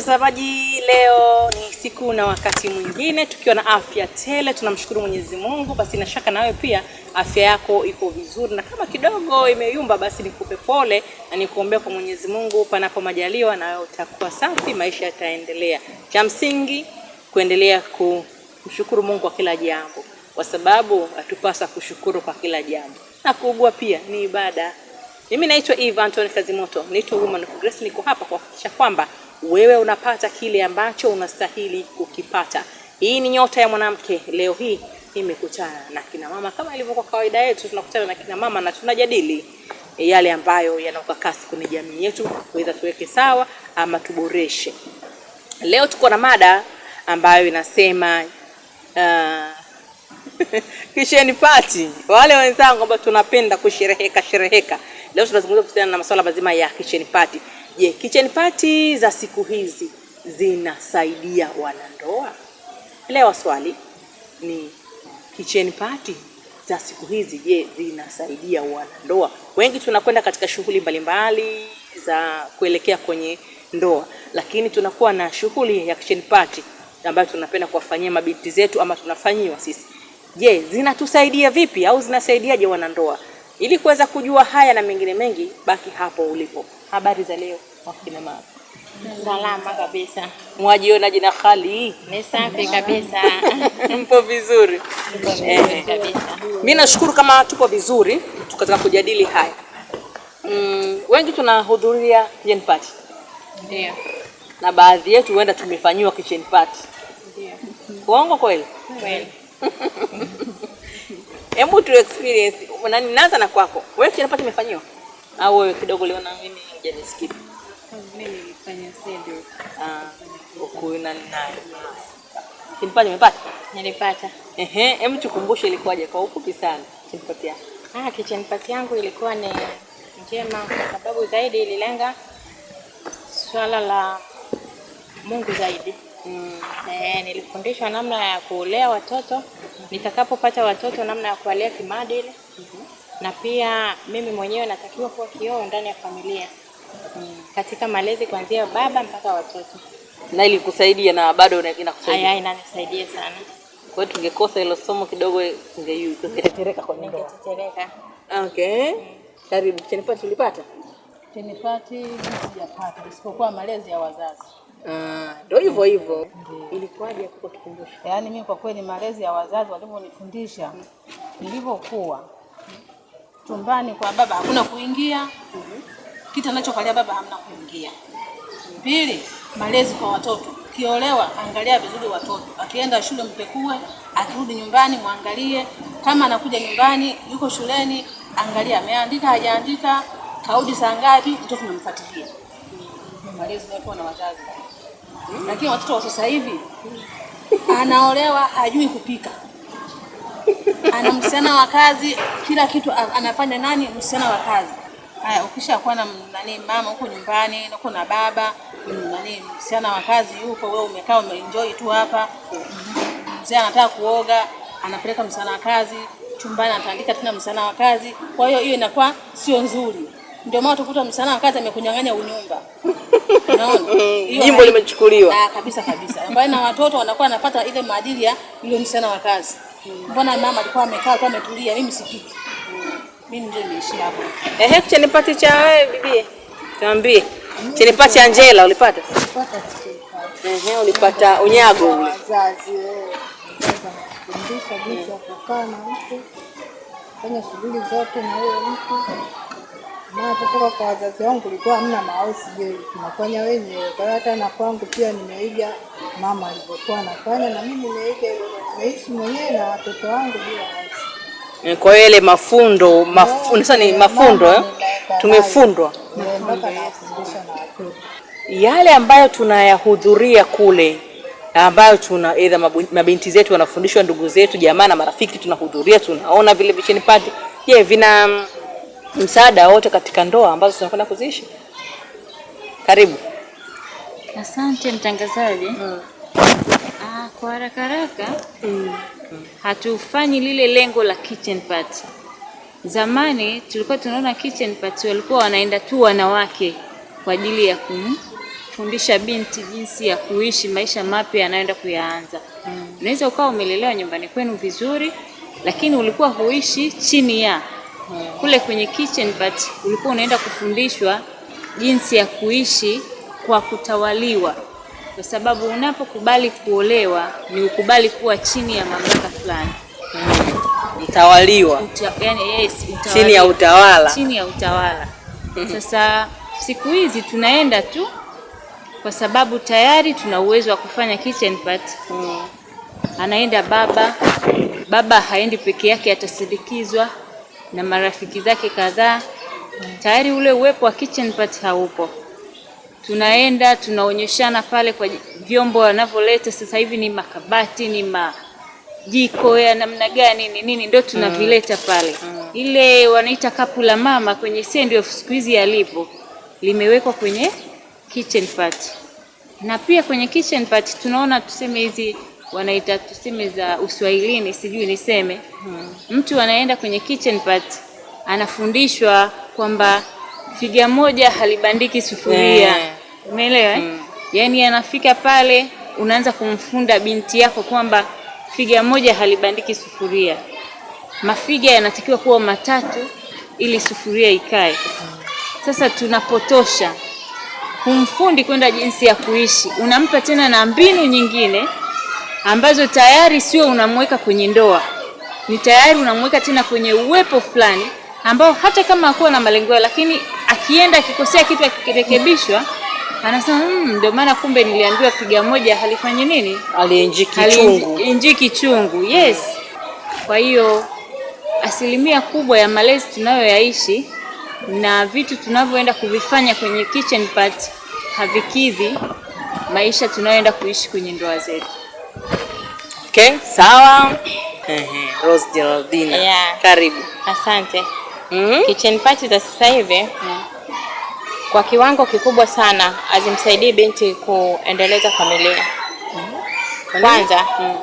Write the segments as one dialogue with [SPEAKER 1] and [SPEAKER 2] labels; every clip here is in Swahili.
[SPEAKER 1] mtazamaji, leo ni siku na wakati mwingine tukiwa na afya tele, tunamshukuru Mwenyezi Mungu. Basi na shaka nawe pia afya yako iko vizuri, na kama kidogo imeyumba, basi nikupe pole na nikuombea kwa Mwenyezi Mungu, panapo majaliwa na wewe utakuwa safi, maisha yataendelea. Cha msingi kuendelea kumshukuru Mungu kwa kila jambo, kwa sababu atupasa kushukuru kwa kila jambo, na kuugua pia ni ibada. Mimi naitwa Eva Anton Kazimoto, naitwa Woman of Grace, niko hapa kuhakikisha kwamba wewe unapata kile ambacho unastahili kukipata. Hii ni Nyota ya Mwanamke. Leo hii imekutana na kina mama kama ilivyokuwa kawaida yetu, tunakutana na kina mama na tunajadili yale ambayo yanaukakasi kwenye jamii yetu, kuweza tuweke sawa ama tuboreshe. Leo tuko na mada ambayo inasema uh, kisheni pati Wale wenzangu ambao tunapenda kushereheka shereheka, leo tunazungumza kuhusiana na masuala mazima ya kisheni pati. Je, kitchen party za siku hizi zinasaidia wanandoa? Leo swali ni kitchen party za siku hizi, je, zinasaidia wanandoa? Wengi tunakwenda katika shughuli mbalimbali za kuelekea kwenye ndoa, lakini tunakuwa na shughuli ya kitchen party ambayo tunapenda kuwafanyia mabinti zetu ama tunafanyiwa sisi. Je, zinatusaidia vipi au zinasaidiaje wanandoa? Ili kuweza kujua haya na mengine mengi, baki hapo ulipo. Habari za leo wakina mama.
[SPEAKER 2] Salama kabisa.
[SPEAKER 1] Mwajiona jina Khali?
[SPEAKER 2] Ni safi kabisa.
[SPEAKER 1] Mpo vizuri? Eh, kabisa. Mimi nashukuru kama tupo vizuri tukataka kujadili haya. Mm, wengi tunahudhuria kitchen party. Ndio. Na baadhi yetu huenda tumefanyiwa kitchen party. Ndio. Uongo kweli? Kweli. Hebu tu experience, nani naanza na kwako. Wewe kitchen party umefanyiwa? Au wewe kidogo leo na mimi hujanisikia? Ukuna nayo Kimpaji Nilipata. Ehe, hebu tukumbushe ilikuwaje kwa ufupi sana. Kimipati yako.
[SPEAKER 2] Ah, kitchen party yangu ilikuwa ni njema kwa sababu zaidi ililenga swala la Mungu zaidi. Mm. Eh, nilifundishwa namna ya kulea watoto, nitakapopata watoto namna ya kuwalea kimaadili. Mm -hmm. Na pia mimi mwenyewe natakiwa kuwa kioo ndani ya familia. Mm, katika malezi kuanzia baba mpaka watoto.
[SPEAKER 1] Na ilikusaidia na bado inakusaidia?
[SPEAKER 2] Inanisaidia sana.
[SPEAKER 1] Kwa hiyo tungekosa hilo somo kidogo,
[SPEAKER 2] ungetetereka kwa ndoa. Ningetetereka.
[SPEAKER 1] Okay. Mm. Karibu. Chenipati ulipata?
[SPEAKER 2] Chenipati sijapata isipokuwa malezi ya wazazi.
[SPEAKER 1] Ah, ndio hivyo hivyo.
[SPEAKER 2] Ilikuwaje hapo tukumbushe? Yaani mimi kwa kweli malezi ya wazazi walivyonifundisha nilivyokuwa chumbani kwa baba hakuna kuingia. Mm -hmm kitu anachokalia baba hamna kuingia. Pili, malezi kwa watoto. Ukiolewa angalia vizuri watoto, akienda shule mpekue, akirudi nyumbani mwangalie. Kama anakuja nyumbani yuko shuleni, angalia ameandika hajaandika, kaudi saa ngapi, mtoto namfuatilia. Malezi yanayopewa na wazazi. Lakini watoto wa sasa hivi anaolewa hajui kupika, ana msichana wa kazi, kila kitu anafanya nani? Msichana wa kazi Haya, kuwa na nani mama huko nyumbani uko na baba nani, msichana wa kazi yuko, wewe umekaa umeenjoy tu hapa. Mzee anataka kuoga, anapeleka msichana wa kazi chumbani, anatandika tena msichana wa kazi. Kwa hiyo hiyo inakuwa sio nzuri, ndio maana utakuta msichana wa kazi amekunyang'anya unyumba
[SPEAKER 1] jimbo limechukuliwa
[SPEAKER 2] ah, kabisa kabisa, ambaye na watoto wanakuwa wanapata ile maadili ya ile msichana wa kazi. Mbona mama alikuwa amekaa tu ametulia, mimi sipiki mimi ndio nimeishi hapo.
[SPEAKER 1] Ehe, chenipati cha wewe bibi. Tuambie. Chenipati cha Angela ulipata? Ulipata. Ehe, ulipata unyago ule.
[SPEAKER 2] Wazazi wewe. Eh. jinsi ya kukaa na mtu. Fanya shughuli zote na wewe mtu. Maana kutoka kwa wazazi wangu kulikuwa hamna maosi, je, tunafanya wenyewe. Kwa hiyo hata na kwangu pia nimeiga mama alivyokuwa anafanya na mimi nimeiga, nimeishi mwenyewe na watoto wangu bila
[SPEAKER 1] Eh, kwa hiyo ile mafundo mafu, ni mafundo eh? Tumefundwa yale ambayo tunayahudhuria kule ambayo tuna edha mabinti zetu wanafundishwa, ndugu zetu, jamaa na marafiki tunahudhuria, tunaona vile vichini pati Je, vina mm, msaada wote katika ndoa ambazo tunakwenda kuziishi? Karibu.
[SPEAKER 2] Asante mtangazaji. hmm. Ah, kwa haraka haraka hatufanyi lile lengo la kitchen party. Zamani tulikuwa tunaona kitchen party walikuwa wanaenda tu wanawake kwa ajili ya kumfundisha binti jinsi ya kuishi maisha mapya yanayoenda kuyaanza. Mm. Unaweza ukawa umelelewa nyumbani kwenu vizuri, lakini ulikuwa huishi chini ya mm. kule kwenye kitchen party ulikuwa unaenda kufundishwa jinsi ya kuishi kwa kutawaliwa kwa sababu unapokubali kuolewa ni ukubali kuwa chini ya mamlaka fulani
[SPEAKER 1] utawaliwa
[SPEAKER 2] Uta, yani yes,
[SPEAKER 1] chini ya utawala,
[SPEAKER 2] chini ya utawala. Sasa siku hizi tunaenda tu kwa sababu tayari tuna uwezo wa kufanya kitchen party hmm. Anaenda baba, baba haendi peke yake, atasindikizwa na marafiki zake kadhaa hmm. Tayari ule uwepo wa kitchen party haupo tunaenda tunaonyeshana pale kwa vyombo wanavyoleta sasa hivi, ni makabati, ni majiko ya namna gani, ni nini, ndio tunavileta mm. pale. Mm. Ile wanaita kapu la mama kwenye sendoff siku hizi yalipo, limewekwa kwenye kitchen part. na pia kwenye kitchen part tunaona tuseme hizi wanaita tuseme za uswahilini, sijui niseme hmm. Mtu anaenda kwenye kitchen part anafundishwa kwamba figa moja halibandiki sufuria, eh. umeelewa? Eh? mm. Yaani anafika pale unaanza kumfunda binti yako kwamba figa moja halibandiki sufuria. Mafiga yanatakiwa kuwa matatu ili sufuria ikae. Sasa tunapotosha, humfundi kwenda jinsi ya kuishi, unampa tena na mbinu nyingine ambazo tayari sio unamweka kwenye ndoa, ni tayari unamweka tena kwenye uwepo fulani ambao hata kama hakuwa na malengo, lakini akienda akikosea kitu akirekebishwa anasema mmm, ndio maana kumbe niliambiwa piga moja halifanyi nini,
[SPEAKER 1] haliinjiki
[SPEAKER 2] chungu. Yes. Kwa hiyo asilimia kubwa ya malezi tunayoyaishi na vitu tunavyoenda kuvifanya kwenye kitchen part havikidhi maisha tunayoenda kuishi kwenye ndoa zetu.
[SPEAKER 1] Okay, sawa. Rose Geraldine. Yeah. Karibu.
[SPEAKER 2] Asante mm. Kitchen party za sasa hivi mm. kwa kiwango kikubwa sana hazimsaidii binti kuendeleza familia mm. Kwanza mm.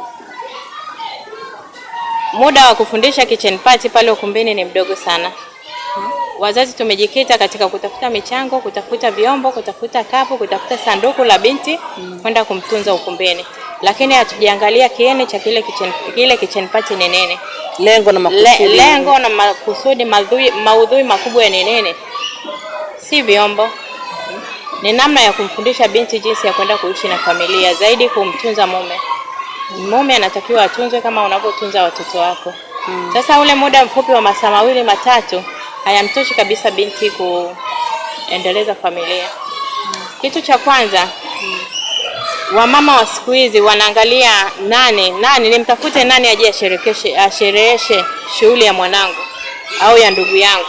[SPEAKER 2] muda wa kufundisha kitchen party pale ukumbini ni mdogo sana mm. Wazazi tumejikita katika kutafuta michango, kutafuta vyombo, kutafuta kapu, kutafuta sanduku la binti mm. kwenda kumtunza ukumbini lakini hatujaangalia kiini cha kile kitchen, kile kitchen party ni nini,
[SPEAKER 1] lengo na makusudi,
[SPEAKER 2] lengo na makusudi, maudhui, maudhui makubwa ni nini? Si vyombo, ni namna ya kumfundisha binti jinsi ya kwenda kuishi na familia, zaidi kumtunza mume. Mume anatakiwa atunzwe kama unavyotunza watoto wako. Hmm. Sasa ule muda mfupi wa masaa mawili matatu hayamtoshi kabisa binti kuendeleza familia. Hmm. Kitu cha kwanza wamama wa siku hizi wanaangalia nani nani, nimtafute nani aje ashereheshe shughuli ya mwanangu au ya ndugu yangu.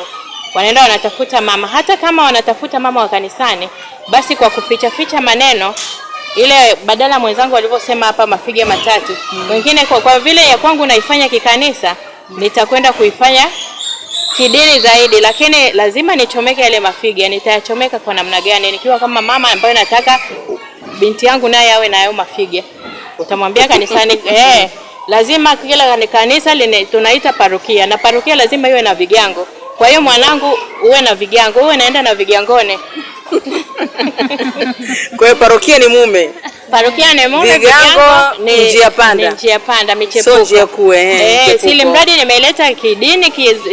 [SPEAKER 2] Wanaenda wanatafuta mama, hata kama wanatafuta mama wa kanisani, basi kwa kuficha ficha maneno ile badala mwenzangu alivyosema hapa mafiga matatu mm. Wengine kwa, kwa vile ya kwangu naifanya kikanisa Nitakwenda kuifanya kidini zaidi, lakini lazima nichomeke yale mafiga. Nitayachomeka kwa namna gani, nikiwa kama mama ambayo nataka binti yangu naye awe nayo mafiga. Utamwambia kanisani eh, lazima kila kanisa line, tunaita parokia na parokia lazima iwe na vigango. Kwa hiyo mwanangu, uwe na vigango, uwe naenda na vigangone.
[SPEAKER 1] Kwa hiyo parokia ni mume,
[SPEAKER 2] parokia ni mume,
[SPEAKER 1] vigango ni njia panda,
[SPEAKER 2] njia panda, michepuko
[SPEAKER 1] sio njia kuu. Eh,
[SPEAKER 2] eh sili mradi nimeleta kidini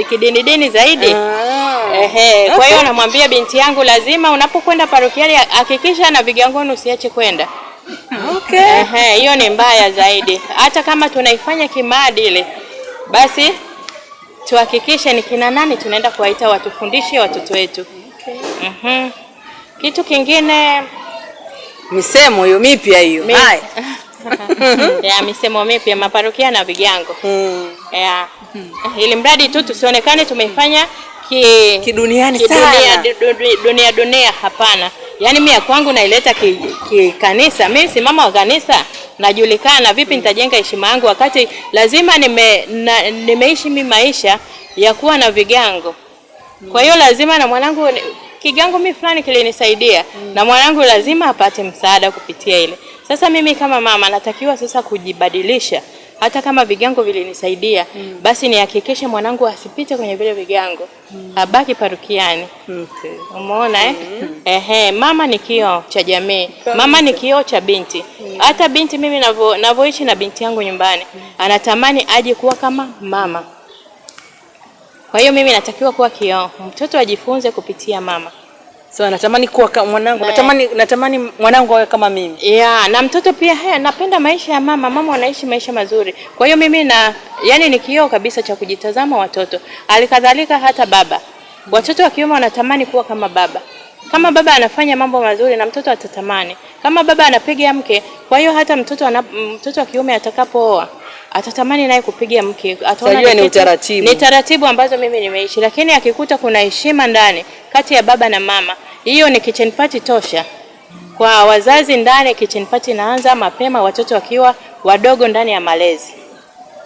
[SPEAKER 2] kidini dini zaidi ah. Ehe, kwa hiyo anamwambia binti yangu, lazima unapokwenda parokiali hakikisha na vigangoni usiache kwenda.
[SPEAKER 1] Okay. Ehe,
[SPEAKER 2] hiyo ni mbaya zaidi. Hata kama tunaifanya kimaadili, basi tuhakikishe ni kina nani tunaenda kuwaita watufundishe watoto wetu. Okay. Mhm. Kitu kingine
[SPEAKER 1] misemo hiyo mipya hiyo. Hai.
[SPEAKER 2] ya misemo mipya maparokia na vigango. Mm. Ya. Hmm. Ili mradi tu tusionekane tumeifanya ki
[SPEAKER 1] kiduniani ki sana
[SPEAKER 2] dunia, dunia dunia, hapana. Yaani mimi kwangu naileta ki, ki kanisa, mimi si mama wa kanisa, najulikana vipi nitajenga heshima yangu wakati lazima nime na, nimeishi mimi maisha ya kuwa na vigango. Kwa hiyo lazima na mwanangu kigango mimi fulani kilinisaidia mm. na mwanangu lazima apate msaada kupitia ile. Sasa mimi kama mama natakiwa sasa kujibadilisha hata kama vigango vilinisaidia mm. basi nihakikishe mwanangu asipite kwenye vile vigango mm. abaki parukiani. Okay. Umeona eh? Mm. Ehe, mama ni kioo cha jamii, mama ni kioo cha binti mm. hata binti mimi navyoishi na binti yangu nyumbani mm. anatamani aje kuwa kama mama, kwa hiyo mimi natakiwa kuwa kioo, mtoto ajifunze kupitia mama. So natamani kuwa mwanangu, eh. natamani natamani mwanangu awe kama mimi. Yeah, na mtoto pia haya napenda maisha ya mama. Mama wanaishi maisha mazuri. Kwa hiyo mimi na yani ni kioo kabisa cha kujitazama watoto. Alikadhalika hata baba. Watoto wa kiume wanatamani kuwa kama baba. Kama baba anafanya mambo mazuri na mtoto atatamani. Kama baba anapiga mke, kwa hiyo hata mtoto ana, mtoto wa kiume atakapooa atatamani naye kupiga mke,
[SPEAKER 1] ataona ni utaratibu,
[SPEAKER 2] ni taratibu ambazo mimi nimeishi, lakini akikuta kuna heshima ndani kati ya baba na mama, hiyo ni kitchen party tosha kwa wazazi ndani. Kitchen party inaanza mapema, watoto wakiwa wadogo ndani ya malezi.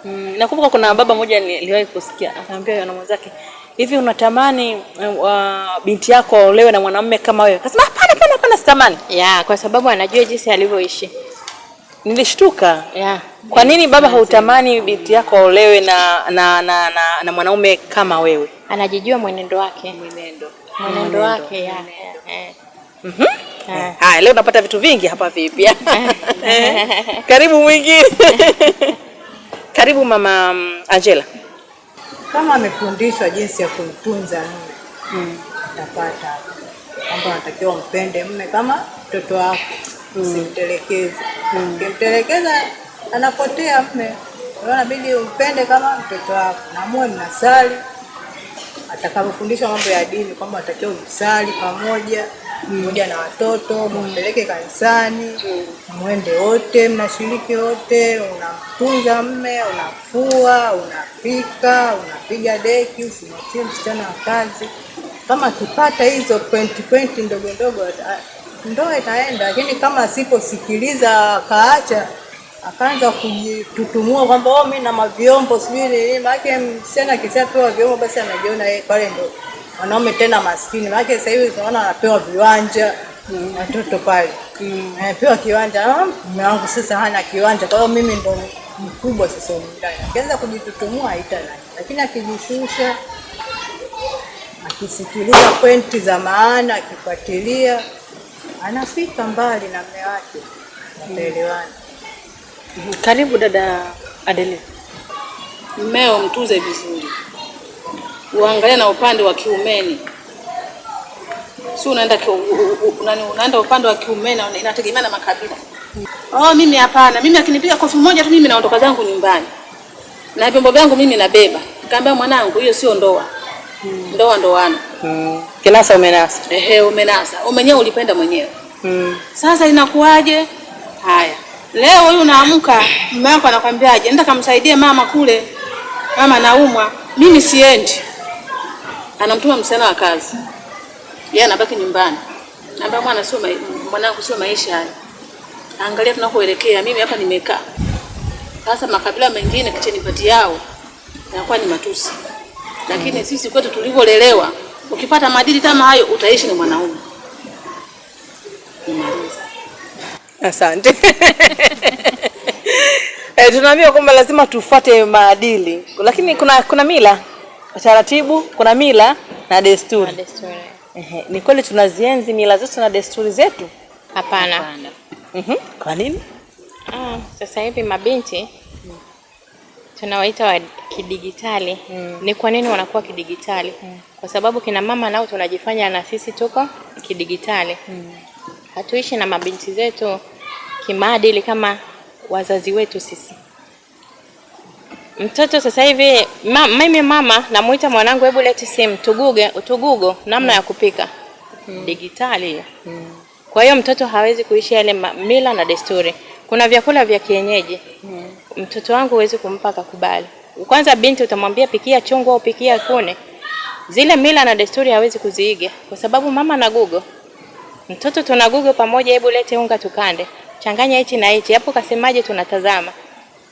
[SPEAKER 1] Mm, nakumbuka kuna baba mmoja niliwahi kusikia akaambia na mwenzake hivi unatamani uh, binti yako olewe na mwanamume kama wewe? Akasema hapana, hapana, hapana, sitamani.
[SPEAKER 2] Yeah, kwa sababu anajua jinsi alivyoishi.
[SPEAKER 1] Nilishtuka yeah. Kwa nini baba hautamani binti yako aolewe na na, na, na na mwanaume kama wewe?
[SPEAKER 2] Anajijua mwenendo wake, mwenendo mwenendo wake ya
[SPEAKER 1] eh. mhm. Eh. Eh. Haya, leo napata vitu vingi hapa vipi? Karibu mwingine karibu mama mm, Angela.
[SPEAKER 3] Kama amefundishwa jinsi ya kumtunza mume mm. Tapata kwamba anatakiwa mpende mume kama mtoto wako usimtelekeze. Mm. Ukimtelekeza mm. anapotea mme. nabidi umpende kama mtoto wako, namue mnasali atakapofundishwa mambo ya dini kwamba atakiwa msali pamoja mm. pamoja mm. na watoto mm. mumpeleke kanisani mm. mwende wote, mnashiriki wote, unamtunza mme, unafua, unapika, unapiga deki, usimwachie msichana wa kazi. Kama akipata hizo pointi pointi ndogo ndogo ndoa itaenda, lakini kama asiposikiliza akaacha, akaanza kujitutumua kwamba oh, mi mimi na mavyombo sijui nini. Maanake msichana akisema vyombo, basi anajiona yeye pale ndo mwanaume tena maskini. Maanake sasa hivi tunaona anapewa viwanja watoto pale, mm, anapewa kiwanja. Ah, mume wangu sasa hana kiwanja, kwa hiyo mimi ndo mkubwa sasa. Akianza kujitutumua haita, lakini akijishusha, akisikiliza pointi za maana, akifuatilia anafika mbali na mme wake, mtaelewana.
[SPEAKER 1] mm. Karibu dada Adele.
[SPEAKER 4] Mmeo mtuze vizuri, uangalie na upande wa kiumeni, si unaenda unaenda upande wa kiumeni, inategemea na makabila. Oh, mimi hapana, mimi akinipiga kofi moja tu mimi naondoka zangu nyumbani na vyombo vyangu mimi nabeba. Nikamwambia mwanangu, hiyo sio ndoa. mm. Ndoa ndoana Mm.
[SPEAKER 1] Kinasa umenasa.
[SPEAKER 4] Ehe, umenasa. Umenyewe ulipenda mwenyewe. Mm. Sasa inakuwaje? Haya. Leo huyu unaamka mume wako anakwambiaje? Nenda kamsaidie mama kule. Mama naumwa. Mimi siendi. Anamtuma msichana wa kazi. Yeye anabaki nyumbani. Naambia mwana sio mwanangu sio maisha haya. Angalia tunakoelekea. Mimi hapa nimekaa. Sasa makabila mengine kicheni pati yao yanakuwa ni matusi. Lakini mm. sisi kwetu tulivyolelewa Ukipata maadili kama hayo utaishi na mwanaume.
[SPEAKER 1] Asante. E, tunaambiwa kwamba lazima tufuate maadili, lakini kuna kuna mila, taratibu, kuna mila na desturi. Ehe, ni kweli tunazienzi mila zetu na desturi zetu?
[SPEAKER 2] Hapana.
[SPEAKER 1] Mhm. Kwa nini?
[SPEAKER 2] Ah, sasa hivi mabinti tunawaita wa kidigitali mm. Ni kwa nini wanakuwa kidigitali mm? Kwa sababu kina mama nao tunajifanya na sisi tuko kidigitali mm. Hatuishi na mabinti zetu kimaadili kama wazazi wetu sisi. Mtoto sasa hivi ma, mimi mama namuita mwanangu, hebu leti simu tuguge tugugo namna mm. ya hmm. kupika mm. digitali mm. Kwa hiyo mtoto hawezi kuishi yale mila na desturi kuna vyakula vya kienyeji mm. Mtoto wangu huwezi kumpa akakubali. Kwanza binti utamwambia pikia chungu au pikia kune, zile mila na desturi hawezi kuziiga kwa sababu mama na gugo, mtoto tuna gugo pamoja, hebu lete unga tukande, changanya hichi na hichi, hapo kasemaje? Tunatazama.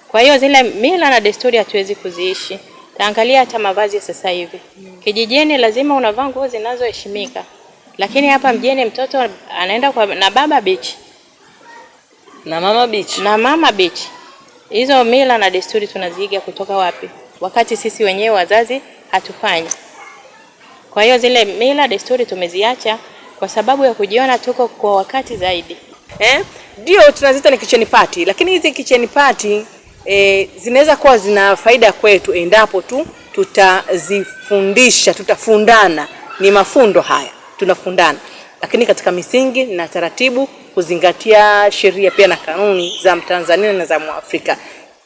[SPEAKER 2] Kwa hiyo zile mila na desturi hatuwezi kuziishi. Taangalia hata mavazi ya sasa hivi mm. Kijijini lazima unavaa nguo zinazoheshimika, lakini hapa mjini mtoto anaenda kwa na baba bichi
[SPEAKER 1] na mama beach,
[SPEAKER 2] na mama beach. Hizo mila na desturi tunaziiga kutoka wapi, wakati sisi wenyewe wazazi hatufanyi? Kwa hiyo zile mila desturi tumeziacha kwa sababu ya kujiona tuko kwa wakati zaidi,
[SPEAKER 1] eh? ndio tunazita ni kitchen party, lakini hizi kitchen party eh, zinaweza kuwa zina faida kwetu endapo tu tutazifundisha, tutafundana. Ni mafundo haya, tunafundana lakini katika misingi na taratibu, kuzingatia sheria pia na kanuni za Mtanzania na za Mwafrika.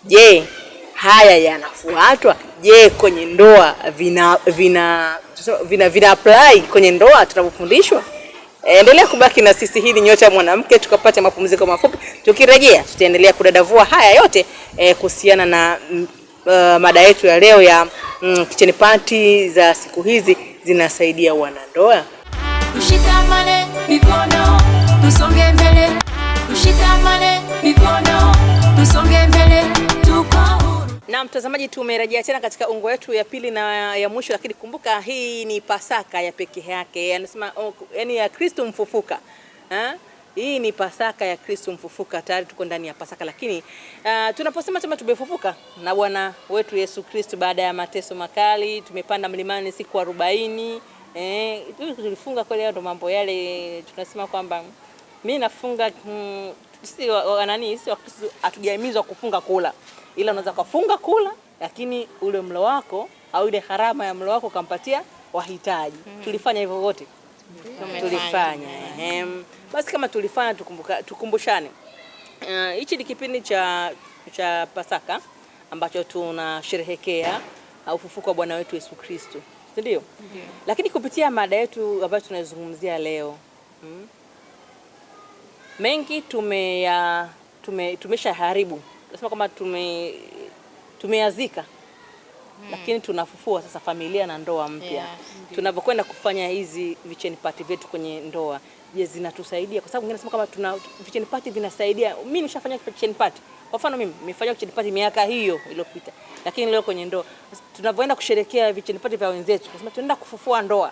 [SPEAKER 1] Je, haya yanafuatwa? Je, kwenye ndoa vina vina vina, vina apply kwenye ndoa tunapofundishwa? Endelea kubaki na sisi, hili Nyota ya Mwanamke, tukapata mapumziko mafupi. Tukirejea tutaendelea kudadavua haya yote e, kuhusiana na m, mm, uh, eh, mada yetu ya leo ya mm, kitchen party za siku hizi zinasaidia wanandoa. Tushikamane mikono, tusonge mbele. Tushikamane mikono, tusonge mbele. Tuko na mtazamaji, tumerejea tena katika ungo wetu ya pili na ya mwisho, lakini kumbuka hii ni Pasaka ya pekee yake, anasema oh, yani ya Kristo mfufuka ha? Hii ni Pasaka ya Kristo mfufuka, tayari tuko ndani ya Pasaka, lakini uh, tunaposema tuma tumefufuka na Bwana wetu Yesu Kristo baada ya mateso makali, tumepanda mlimani siku arobaini Eh, tulifunga kweli, ndo mambo yale tunasema kwamba mimi nafunga mm, sisi nani sisi hatujahimizwa kufunga kula, ila unaweza kufunga kula, lakini ule mlo wako au ile gharama ya mlo wako ukampatia wahitaji. Mm. Tulifanya hivyo wote tulifanya ehe. Basi kama tulifanya tukumbuka, tukumbushane eh, hichi uh, ni kipindi cha cha Pasaka ambacho tunasherehekea ufufuko wa Bwana wetu Yesu Kristo si ndio? Okay. Lakini kupitia mada yetu ambayo tunazungumzia leo hmm, mengi tumeya tume, tumeshaharibu tunasema kwamba tume tumeyazika Hmm. Lakini tunafufua sasa familia na ndoa mpya, yeah. Tunapokwenda kufanya hizi vicheni vyetu kwenye ndoa, je, zinatusaidia? Kwa sababu nasema kama tuna kitchen party vinasaidia. Mimi nishafanya kitchen party. Kwa mfano mimi nimefanya kitchen party miaka hiyo iliyopita. Lakini leo kwenye ndoa tunavyoenda kusherehekea kitchen party vya wenzetu, tunasema tunaenda kufufua ndoa.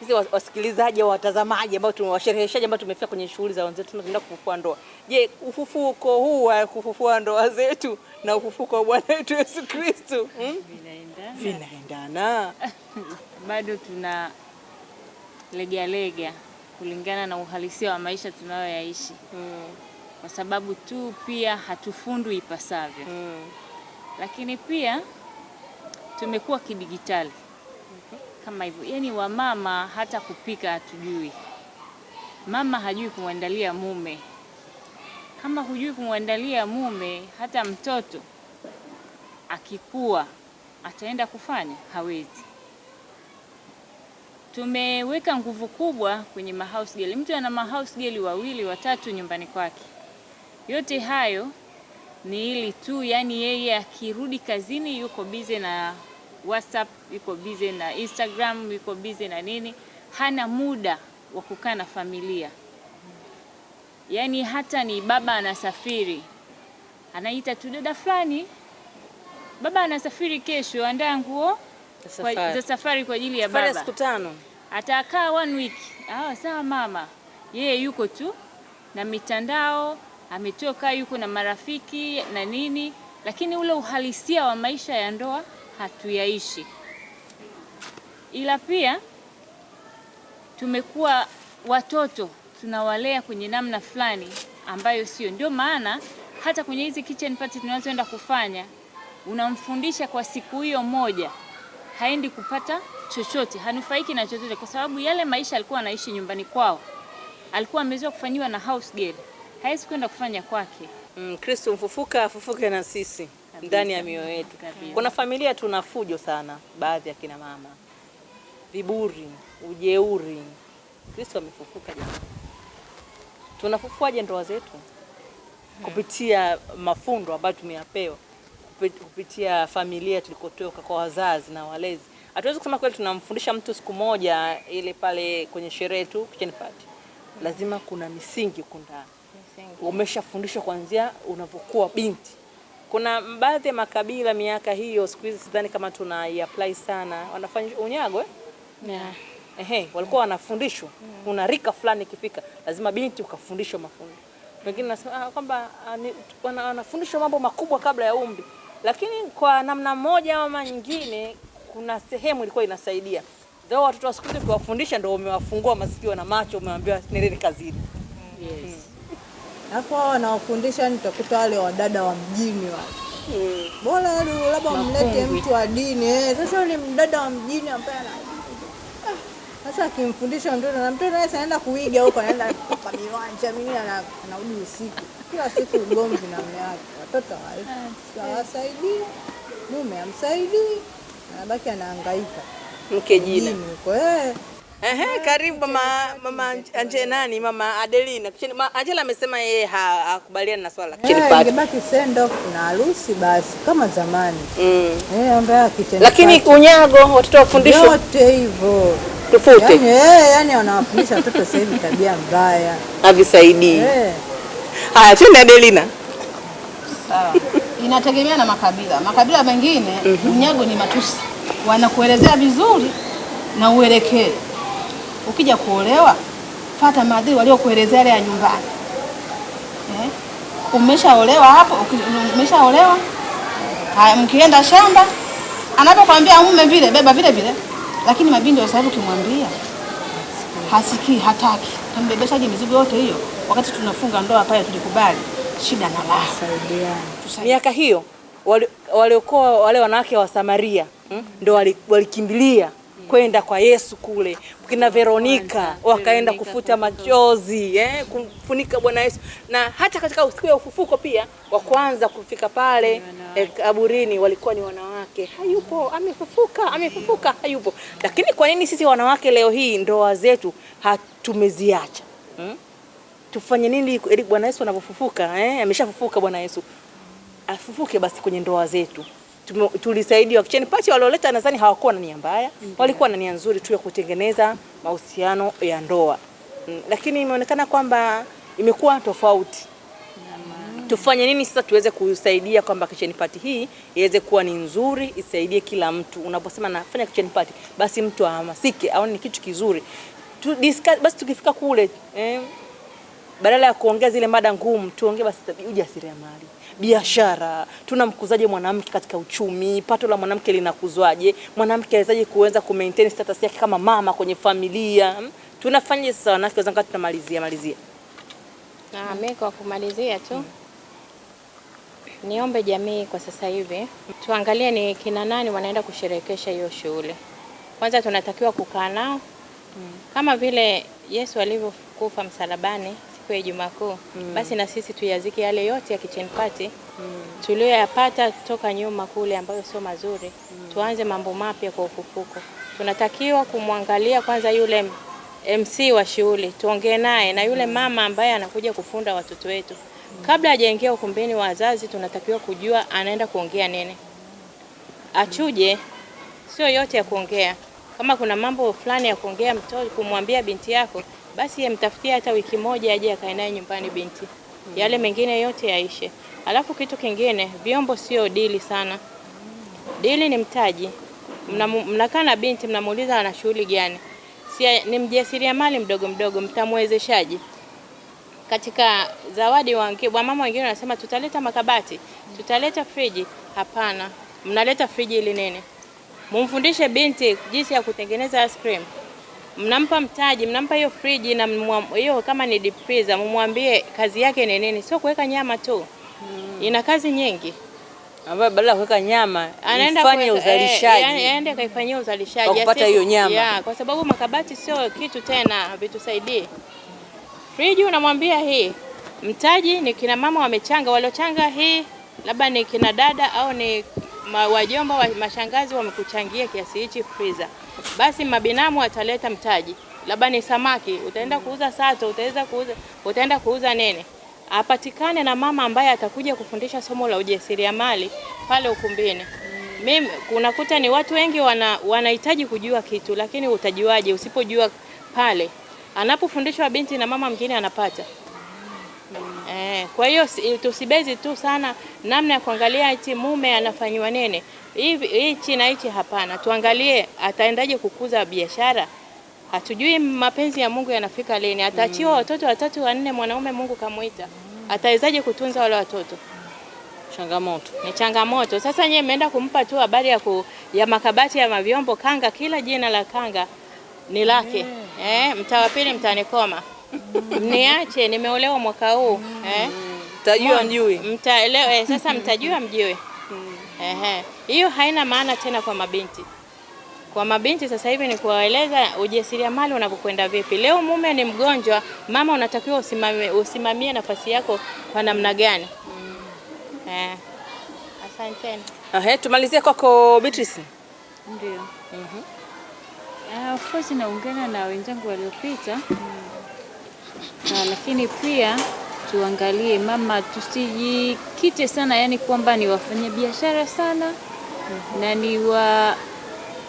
[SPEAKER 1] Sisi wasikilizaji, watazamaji ambao tumewashereheshaji ambao tumefika kwenye shughuli za wenzetu tunaenda kufufua ndoa. Je, ufufuko huu wa kufufua ndoa zetu na ufufuko wa Bwana wetu Yesu Kristo hmm? Vinaendana. Vinaendana.
[SPEAKER 2] Bado tuna legalega kulingana na uhalisia wa maisha tunayoyaishi mm. kwa sababu tu pia hatufundwi ipasavyo mm. lakini pia tumekuwa kidigitali kama hivyo, yaani wamama hata kupika hatujui. Mama hajui kumwandalia mume, kama hujui kumwandalia mume, hata mtoto akikua ataenda kufanya hawezi Tumeweka nguvu kubwa kwenye mahouse girl. Mtu ana mahouse girl wawili watatu nyumbani kwake, yote hayo ni ili tu, yani yeye akirudi kazini yuko bize na WhatsApp, yuko busy na Instagram, yuko busy na nini, hana muda wa kukaa na familia. Yani hata ni baba anasafiri, anaita tu dada fulani, baba anasafiri kesho, andaa nguo za safari kwa ajili ya baba siku tano atakaa one week. Ah, sawa mama, yeye yuko tu na mitandao, ametoka yuko na marafiki na nini, lakini ule uhalisia wa maisha ya ndoa hatuyaishi, ila pia tumekuwa watoto tunawalea kwenye namna fulani ambayo sio. Ndio maana hata kwenye hizi kitchen party tunazoenda kufanya unamfundisha kwa siku hiyo moja haendi kupata chochote, hanufaiki na chochote, kwa sababu yale maisha alikuwa anaishi nyumbani kwao alikuwa amezoea kufanyiwa na house girl, hawezi kwenda kufanya kwake.
[SPEAKER 1] Mm, Kristo mfufuka afufuke na sisi ndani ya mioyo yetu. Kuna familia tuna fujo sana, baadhi ya kina mama, viburi, ujeuri. Kristo amefufuka jamani, tunafufuaje ndoa zetu? Hmm. Kupitia mafundo ambayo tumeyapewa kupitia familia tulikotoka, kwa wazazi na walezi. Hatuwezi kusema kweli tunamfundisha mtu siku moja ile pale kwenye sherehe tu kitchen party. Lazima kuna misingi kunda misingi. umeshafundishwa kuanzia unapokuwa binti. Kuna baadhi ya makabila miaka hiyo, siku hizi sidhani kama apply sana, wanafanya unyago eh? yeah. Ehe, walikuwa wanafundishwa yeah. Mm. Kuna rika fulani ikifika, lazima binti ukafundishwa mafunzo. Wengine nasema ah, kwamba ah, wanafundishwa mambo makubwa kabla ya umri. Lakini kwa namna moja ama nyingine, kuna sehemu ilikuwa inasaidia though watoto wa siku hizi kuwafundisha ndio umewafungua masikio na macho, umewaambia nendeni kazini. Yes. Hmm.
[SPEAKER 3] Hapo wanawafundisha nitakuta wale wadada wa mjini wa mm. Bora labda mlete mtu wa dini eh. Sasa ni mdada wa mjini ambaye ana ah, sasa akimfundisha mtoto na mtoto naye anaenda kuiga huko, anaenda kwa miwanja mimi anarudi usiku kila siku ugomvi na mume wake, watoto ah, hawasaidii, mume amsaidii anabaki anahangaika mke jina huko eh.
[SPEAKER 1] Ehe, ah, karibu mama mama anje nani mama Adelina. Ma, Angela amesema yeye hakubaliani na swala eh, kitchen
[SPEAKER 3] party. send off na harusi basi kama zamani. Mm. Eh, ambaye akitenda.
[SPEAKER 1] Lakini unyago watoto wafundishwe
[SPEAKER 3] yote hivyo. Tofauti. Yaani, eh, yani wanawafundisha watoto sasa hivi tabia mbaya.
[SPEAKER 1] Havisaidii. Eh. Haya, twende Adelina.
[SPEAKER 4] Sawa. Ah, inategemea na makabila. Makabila mengine mm -hmm. Unyago ni matusi, wanakuelezea vizuri na uelekee. Ukija kuolewa, fata maadili waliokuelezea ya nyumbani eh? Umeshaolewa hapo, umeshaolewa haya, mkienda shamba, anapokwambia mume vile, beba vile vile, lakini mabinti wa sasa ukimwambia hasikii, hataki. Tambebeshaje mizigo yote hiyo wakati tunafunga ndoa pale? Tulikubali shida na raha. Miaka hiyo waliokoa wale wanawake wa Samaria hmm? Ndo walikimbilia wali kwenda kwa Yesu kule, kina Veronika wakaenda kufuta machozi eh, kumfunika Bwana Yesu, na hata katika siku ya ufufuko pia wa kwanza kufika pale eh, kaburini walikuwa ni wanawake, hayupo amefufuka, amefufuka hayupo. Lakini kwa nini sisi wanawake leo hii ndoa zetu hatumeziacha hmm? Tufanye nini ili Bwana Yesu anapofufuka eh, ameshafufuka Bwana Yesu, afufuke basi kwenye ndoa zetu tulisaidia wakicheni pachi walioleta, nadhani hawakuwa na nia mbaya okay. Mhm. Walikuwa na nia nzuri tu ya kutengeneza mahusiano ya ndoa, mm, lakini imeonekana kwamba imekuwa tofauti tufanye nini sasa tuweze kusaidia kwamba kitchen party hii iweze kuwa ni nzuri, isaidie kila mtu. Unaposema nafanya kitchen party, basi mtu ahamasike aone ni kitu kizuri tu discuss. Basi tukifika kule eh, badala ya kuongea zile mada ngumu, tuongee basi ujasiriamali biashara, tunamkuzaje mwanamke katika uchumi, pato la mwanamke linakuzwaje, mwanamke awezaje kuweza ku maintain status yake kama mama kwenye familia, hmm? tunafanyaje? Sasa wanawake wenzangu, tunamalizia malizia
[SPEAKER 2] na mimi kwa kumalizia tu hmm. Niombe jamii kwa sasa hivi tuangalie ni kina nani wanaenda kusherehekesha hiyo shule Kwanza tunatakiwa kukaa nao hmm. kama vile Yesu alivyokufa msalabani, siku ya Ijumaa Kuu mm. basi na sisi tuyazike yale yote ya kitchen party mm. tuliyoyapata toka nyuma kule ambayo sio mazuri mm. tuanze mambo mapya kwa ufufuko. Tunatakiwa kumwangalia kwanza yule MC wa shughuli, tuongee naye na yule mm. mama ambaye anakuja kufunda watoto wetu mm. kabla hajaingia ukumbini wa wazazi, tunatakiwa kujua anaenda kuongea nini, achuje, sio yote ya kuongea. Kama kuna mambo fulani ya kuongea mtoto, kumwambia binti yako basi yamtafutia hata wiki moja aje akae naye nyumbani binti, yale mengine yote yaishe. Alafu kitu kingine, vyombo sio dili sana. Dili ni mtaji. Mnakaa na binti, mnamuuliza ana shughuli gani? Si ni mjasiriamali mdogo mdogo, mtamwezeshaji katika zawadi. Wamama wengine wanasema tutaleta makabati, tutaleta friji. Hapana, mnaleta friji ili nini? Mumfundishe binti jinsi ya kutengeneza ice cream mnampa mtaji, mnampa hiyo friji na hiyo kama ni deep freezer, mumwambie kazi yake ni nini, sio kuweka nyama tu hmm. Ina kazi nyingi
[SPEAKER 1] ambayo badala ya kuweka nyama anaenda uzalishaji, eh, yaani
[SPEAKER 2] aende kaifanyia uzalishaji
[SPEAKER 1] kupata hiyo nyama ya,
[SPEAKER 2] kwa sababu makabati sio kitu tena, vitusaidie friji. Unamwambia hii mtaji ni kina mama wamechanga, waliochanga hii, labda ni kina dada au ni wajomba wa mashangazi wamekuchangia kiasi hichi freezer basi mabinamu ataleta mtaji, labda ni samaki, utaenda kuuza sato, utaweza kuuza, utaenda kuuza nene, apatikane na mama ambaye atakuja kufundisha somo la ujasiriamali pale ukumbini. Mimi kunakuta ni watu wengi wana wanahitaji kujua kitu, lakini utajuaje usipojua pale anapofundishwa binti na mama mwingine anapata. Eh, kwa hiyo tusibezi tu sana namna ya kuangalia eti mume anafanyiwa nini hichi na hichi hapana. Tuangalie ataendaje kukuza biashara. Hatujui mapenzi ya Mungu yanafika lini. Ataachiwa mm. watoto watatu wanne, mwanaume Mungu kamwita, atawezaje kutunza wale watoto? Changamoto ni changamoto. Sasa nyewe mmeenda kumpa tu habari ya, ku, ya makabati ya mavyombo kanga, kila jina la kanga ni lake mm. Eh, mtaa wa pili mtanikoma mm. niache, nimeolewa mwaka huu mm. eh?
[SPEAKER 1] Mtajua mjui
[SPEAKER 2] mtaelewa. sasa mtajua mjui Ehe, hiyo haina maana tena kwa mabinti. Kwa mabinti sasa hivi ni kuwaeleza ujasiriamali unavyokwenda vipi. Leo mume ni mgonjwa, mama unatakiwa usimamie, usimamie nafasi yako kwa namna gani? Mm. Eh. Asanteni.
[SPEAKER 1] Ehe, tumalizie kwako Beatrice. Ndio. Mhm.
[SPEAKER 2] Ah, of course naungana na wenzangu waliopita. Mm. Ah, lakini pia tuangalie mama, tusijikite sana yani kwamba ni wafanyabiashara sana mm -hmm. na ni wa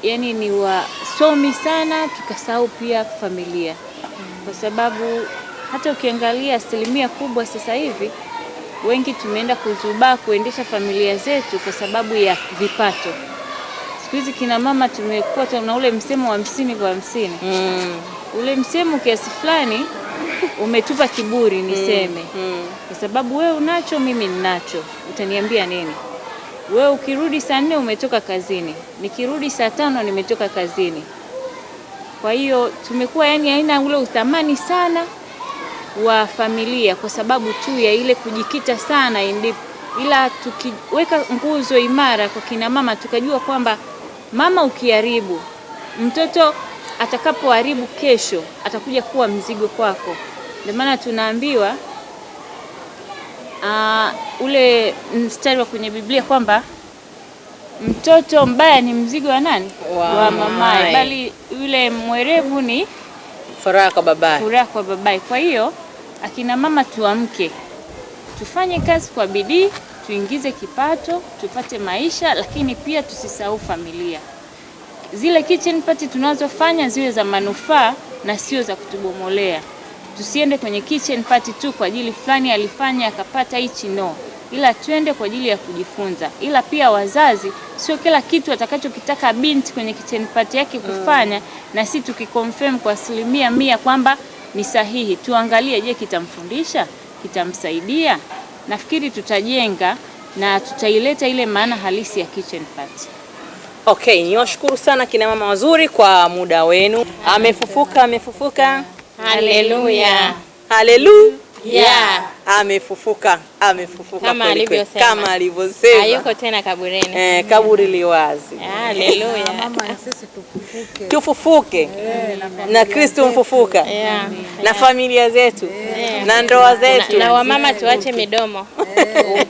[SPEAKER 2] yani ni wasomi sana, tukasahau pia familia mm -hmm. kwa sababu hata ukiangalia asilimia kubwa sasa hivi wengi tumeenda kuzubaa kuendesha familia zetu kwa sababu ya vipato. Siku hizi kina mama tumekuwa na ule msemo wa hamsini kwa hamsini mm. ule msemo kiasi fulani umetupa kiburi mm, niseme mm. kwa sababu wewe unacho, mimi ninacho, utaniambia nini? Wewe ukirudi saa nne umetoka kazini, nikirudi saa tano nimetoka kazini. Kwa hiyo tumekuwa yani haina ule uthamani sana wa familia kwa sababu tu ya ile kujikita sana indi, ila tukiweka nguzo imara kwa kina mama, tukajua kwamba mama ukiharibu mtoto atakapoharibu kesho atakuja kuwa mzigo kwako. Ndio maana tunaambiwa uh, ule mstari wa kwenye Biblia kwamba mtoto mbaya ni mzigo wa nani?
[SPEAKER 1] Wow. Wa mamaye,
[SPEAKER 2] bali yule mwerevu ni
[SPEAKER 1] furaha kwa babaye.
[SPEAKER 2] Furaha kwa babaye. Kwa hiyo akina mama, tuamke, tufanye kazi kwa bidii, tuingize kipato, tupate maisha, lakini pia tusisahau familia. Zile kitchen party tunazofanya ziwe za manufaa na sio za kutubomolea. Tusiende kwenye kitchen party tu kwa ajili fulani alifanya akapata hichi, no, ila twende kwa ajili ya kujifunza. Ila pia wazazi, sio kila kitu atakachokitaka binti kwenye kitchen party yake mm. kufanya mm. na si tukikonfirm kwa asilimia mia kwamba ni sahihi, tuangalie, je, kitamfundisha, kitamsaidia? Nafikiri tutajenga na tutaileta ile maana halisi ya kitchen party.
[SPEAKER 1] Okay, niwashukuru sana kina mama wazuri kwa muda wenu. Amefufuka, amefufuka.
[SPEAKER 2] Haleluya.
[SPEAKER 1] Haleluya. Amefufuka, amefufuka
[SPEAKER 2] kama alivyosema,
[SPEAKER 1] kama alivyosema,
[SPEAKER 2] hayuko tena kaburini.
[SPEAKER 1] Eh, kaburi li wazi.
[SPEAKER 2] Haleluya. Ah, mama, sisi
[SPEAKER 1] tufufuke, tufufuke eh, na Kristo mfufuka na familia zetu na ndoa zetu,
[SPEAKER 2] na wamama tuache midomo eh,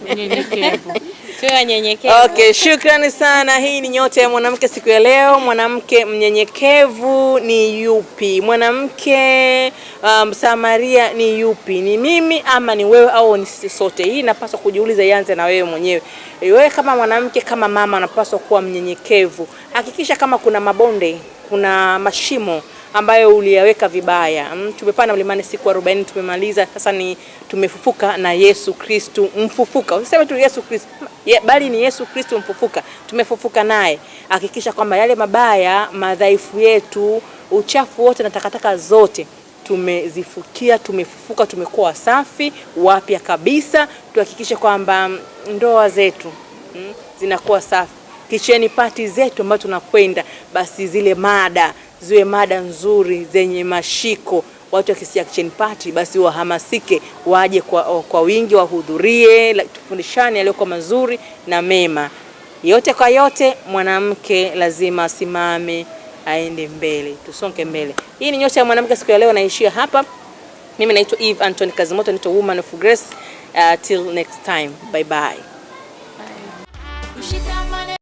[SPEAKER 2] Okay,
[SPEAKER 1] shukrani sana. Hii ni Nyota ya Mwanamke siku ya leo. Mwanamke mnyenyekevu ni yupi? Mwanamke msamaria um, ni yupi? Ni mimi ama ni wewe au ni sisi sote? Hii inapaswa kujiuliza, ianze na wewe mwenyewe. Wewe kama mwanamke, kama mama, unapaswa kuwa mnyenyekevu. Hakikisha kama kuna mabonde, kuna mashimo ambayo uliyaweka vibaya. Mm, tumepanda mlimani siku 40 tumemaliza, sasa ni tumefufuka na Yesu Kristu mfufuka. Usiseme tu Yesu Kristu Ye, bali ni Yesu Kristu mfufuka, tumefufuka naye. Hakikisha kwamba yale mabaya, madhaifu yetu, uchafu wote na takataka zote tumezifukia, tumefufuka, tumekuwa safi wapya kabisa. Tuhakikishe kwamba mm, ndoa zetu mm, zinakuwa safi, kicheni pati zetu ambazo tunakwenda, basi zile mada ziwe mada nzuri zenye mashiko, watu wa Kisii Party basi wahamasike waje kwa, kwa wingi wahudhurie, tufundishane yaliyokuwa mazuri na mema. Yote kwa yote, mwanamke lazima asimame aende mbele, tusonge mbele. Hii ni Nyota ya Mwanamke siku ya leo, naishia hapa. Mimi naitwa Eve Anton Kazimoto, naitwa Woman of Grace. Uh, till next time, bye bye, bye.